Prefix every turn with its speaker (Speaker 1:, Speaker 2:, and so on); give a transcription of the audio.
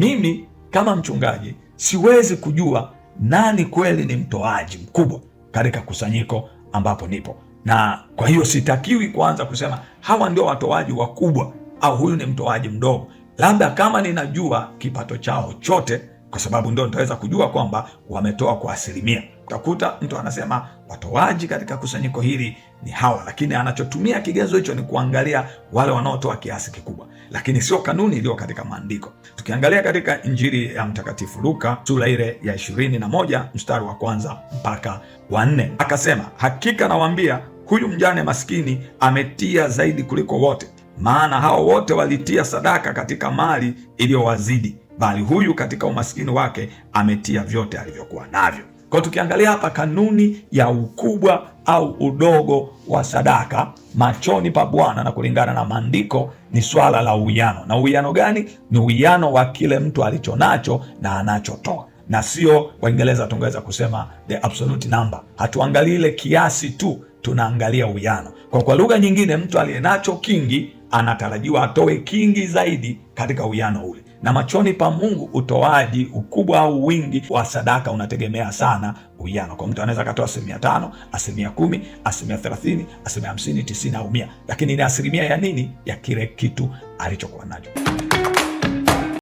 Speaker 1: mimi kama mchungaji siwezi kujua nani kweli ni mtoaji mkubwa katika kusanyiko ambapo nipo, na kwa hiyo sitakiwi kuanza kusema hawa ndio watoaji wakubwa au huyu ni mtoaji mdogo, labda kama ninajua kipato chao chote kwa sababu ndio nitaweza kujua kwamba wametoa kwa asilimia. Utakuta mtu anasema watoaji katika kusanyiko hili ni hawa, lakini anachotumia kigezo hicho ni kuangalia wale wanaotoa kiasi kikubwa, lakini sio kanuni iliyo katika maandiko. Tukiangalia katika Injili ya Mtakatifu Luka sura ile ya ishirini na moja mstari wa kwanza mpaka wa nne akasema, hakika nawaambia huyu mjane maskini ametia zaidi kuliko wote, maana hao wote walitia sadaka katika mali iliyowazidi bali huyu katika umaskini wake ametia vyote alivyokuwa navyo. Kwa tukiangalia hapa kanuni ya ukubwa au udogo wa sadaka machoni pa Bwana na kulingana na maandiko ni swala la uwiano. Na uwiano gani? Ni uwiano wa kile mtu alicho nacho na anachotoa, na sio, Waingereza tungeweza kusema the absolute number. Hatuangalii ile kiasi tu, tunaangalia uwiano. Kwa kwa lugha nyingine, mtu aliyenacho kingi anatarajiwa atoe kingi zaidi katika uwiano ule na machoni pa Mungu utoaji ukubwa au wingi wa sadaka unategemea sana uwiano. Kwa mtu anaweza akatoa asilimia tano, asilimia kumi, asilimia thelathini, asilimia hamsini, tisini au mia, lakini ni asilimia ya nini? Ya kile kitu alichokuwa nacho.